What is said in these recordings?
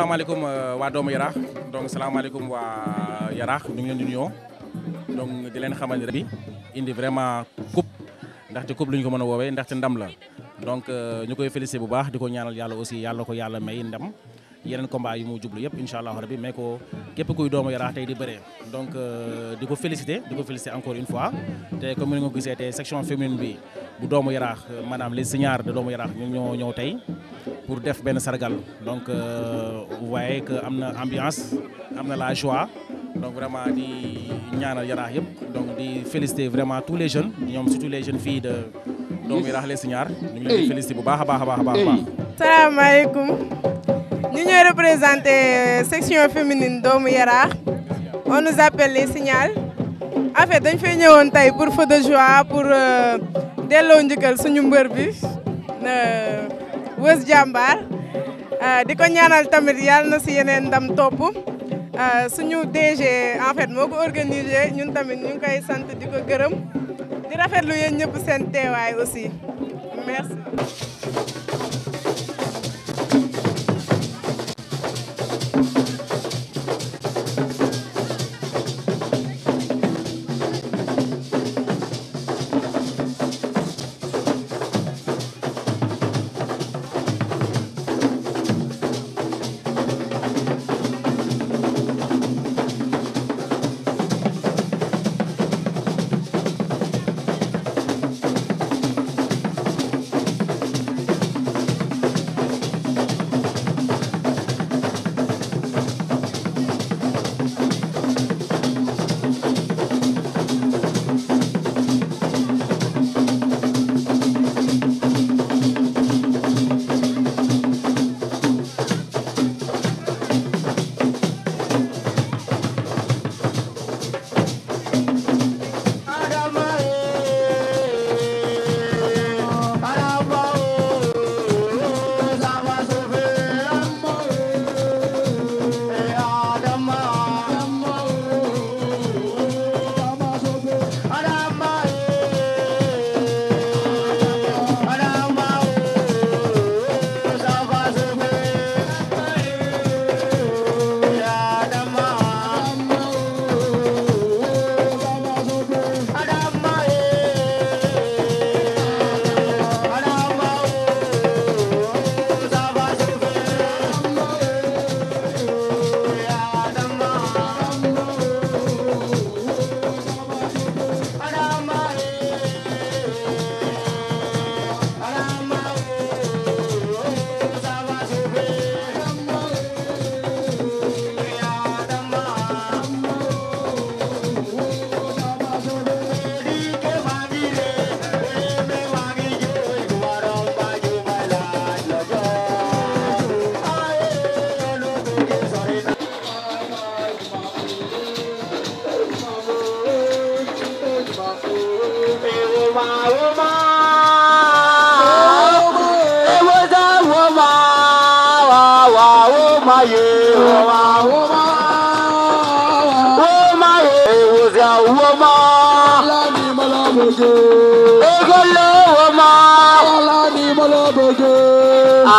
salaamaaleykum euh, wa doomu yaraax donc salaamaaleykum wa yaraax ñu ngi ñu di donc di leen xamal ni bi indi vraiment coupe ci coupe lu ñu ko mëna wowe ndax ci ndam la donc euh, ñu koy félicité bu baax diko ñaanal yalla aussi yalla ko yalla may ndam yeneen combat yu mu jublu yëpp inshallah rabbi rabi mais ko képp kuy doomu yaraax tey di bëree donc euh, di ko félicité di ko félicité encore une fois te comme ni nga ko gisee tey section féminine bi bu doomu yaraax maanaam les seniors de doomu yaraax ñu ñoo ñëw tey pour def ben sargal donc euh, vous voyez que l'ambiance, ambiance la joie donc vraiment di ñaanal là. yeb donc di féliciter vraiment tous les jeunes ñom surtout les jeunes filles de doomu yaraax les Signaar ñu ngi féliciter bu la baakha baakha section féminine de yaraax on nous appelle les signal. en fait dañ fay ñëwoon tay pour feu de joie pour euh, delloo njëkkal suñu mbeur bi. Euh, wës jàmbaar ah, di ko ñaanal tamit yal na si yeneen ndam topp ah, suñu DG en fait moo ko organisé ñun tamit ñu ngi sant di ko gërëm di rafetlu yéen ñëpp seen teewaay aussi merci.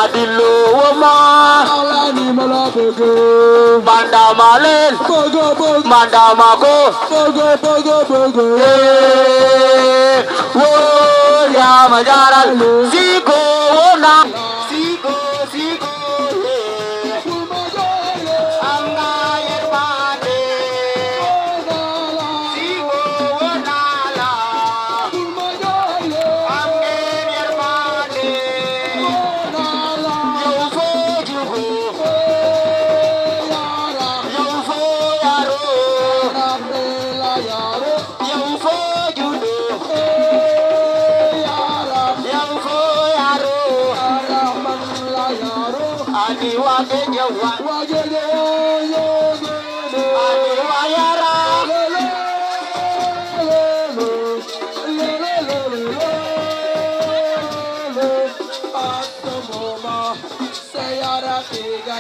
Adilowo ma. animala pogo. Banda malen. Pogo pogo. Banda mako. Pogo pogo pogo. Eh, hey, oh, ya majaral. ko oh, na. Africa.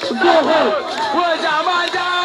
不喝，我加麻家。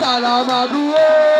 Salamadu, Salamadu,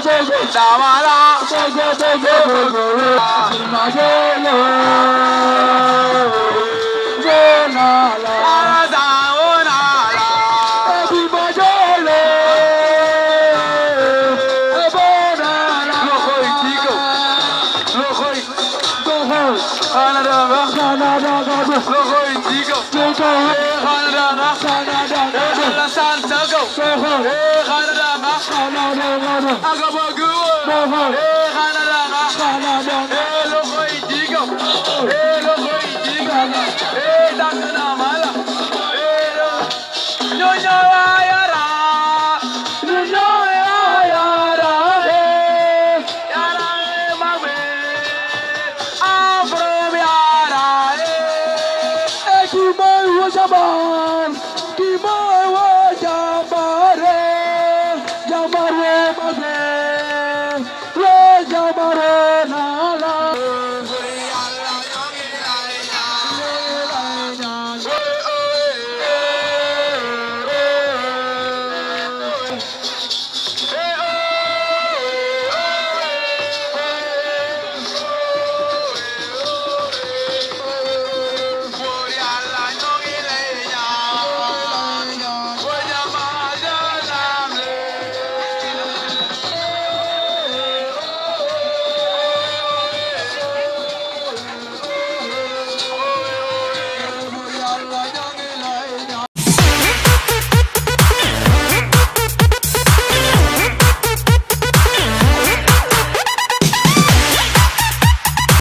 这是啥玩啦，儿？这是这是蒙啦，金巴哲勒，哲啦啦。拉达乌纳拉，金 Hey, look, hey, digga. Hey, look, hey, digga. Hey, that's